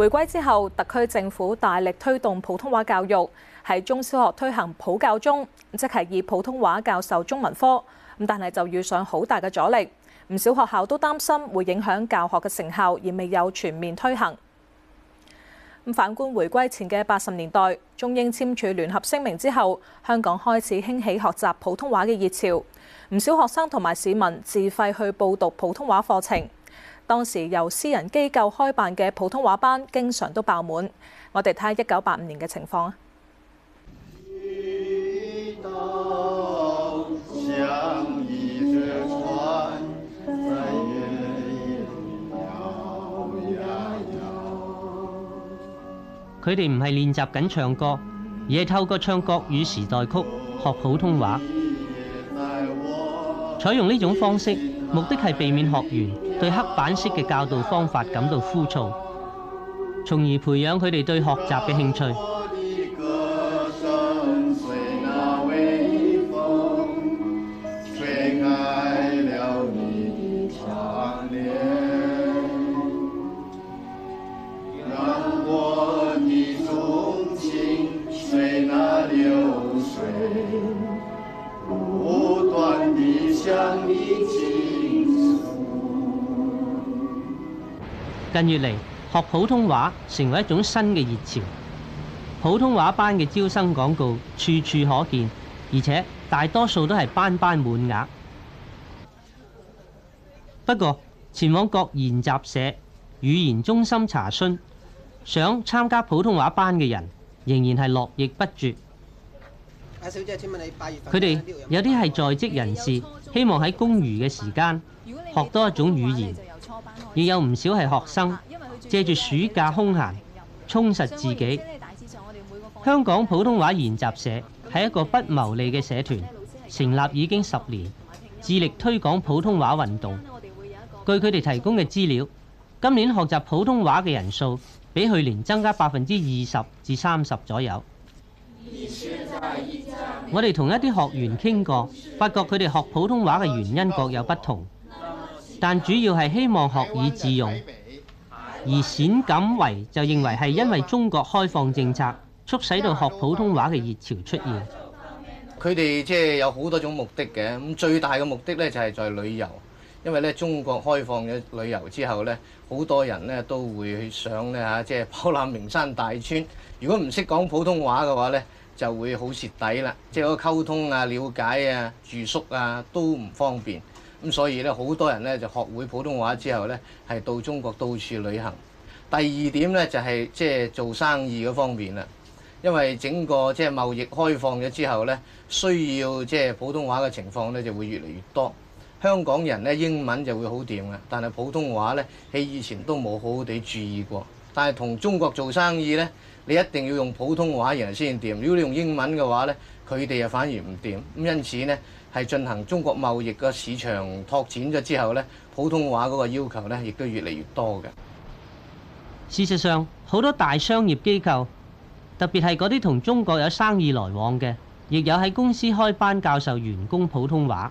回歸之後，特區政府大力推動普通話教育，喺中小學推行普教中，即係以普通話教授中文科。咁但係就遇上好大嘅阻力，唔少學校都擔心會影響教學嘅成效，而未有全面推行。咁反觀回歸前嘅八十年代，中英簽署聯合聲明之後，香港開始興起學習普通話嘅熱潮，唔少學生同埋市民自費去報讀普通話課程。當時由私人機構開辦嘅普通話班，經常都爆滿。我哋睇下一九八五年嘅情況啊！佢哋唔係練習緊唱歌，而係透過唱國語時代曲學普通話。採用呢種方式，目的係避免學員對黑板式嘅教導方法感到枯燥，從而培養佢哋對學習嘅興趣。近月嚟，學普通話成為一種新嘅熱潮，普通話班嘅招生廣告處處可見，而且大多數都係班班滿額。不過，前往各研習社、語言中心查詢，想參加普通話班嘅人仍然係絡繹不絕。小姐，請問你八月，佢哋有啲係在職人士，希望喺公餘嘅時間你你學多一種語言。亦有唔少係學生借住暑假空閒充實自己。香港普通話研習社係一個不牟利嘅社團，成立已經十年，致力推廣普通話運動。據佢哋提供嘅資料，今年學習普通話嘅人數比去年增加百分之二十至三十左右。我哋同一啲學員傾過，發覺佢哋學普通話嘅原因各有不同。但主要係希望學以致用，而冼錦維就認為係因為中國開放政策，促使到學普通話嘅熱潮出現。佢哋即係有好多種目的嘅，咁最大嘅目的咧就係在旅遊，因為咧中國開放嘅旅遊之後咧，好多人咧都會去上咧吓，即係飽覽名山大川。如果唔識講普通話嘅話咧，就會好蝕底啦，即係嗰個溝通啊、了解啊、住宿啊都唔方便。咁所以咧，好多人咧就學會普通話之後咧，係到中國到處旅行。第二點咧，就係即係做生意嗰方面啦。因為整個即係貿易開放咗之後咧，需要即係普通話嘅情況咧就會越嚟越多。香港人咧英文就會好掂嘅，但係普通話咧喺以前都冇好好地注意過。但係同中國做生意呢，你一定要用普通話，然後先掂。如果你用英文嘅話呢，佢哋又反而唔掂。咁因此呢，係進行中國貿易嘅市場拓展咗之後呢，普通話嗰個要求呢，亦都越嚟越多嘅。事實上，好多大商業機構，特別係嗰啲同中國有生意來往嘅，亦有喺公司開班教授員工普通話。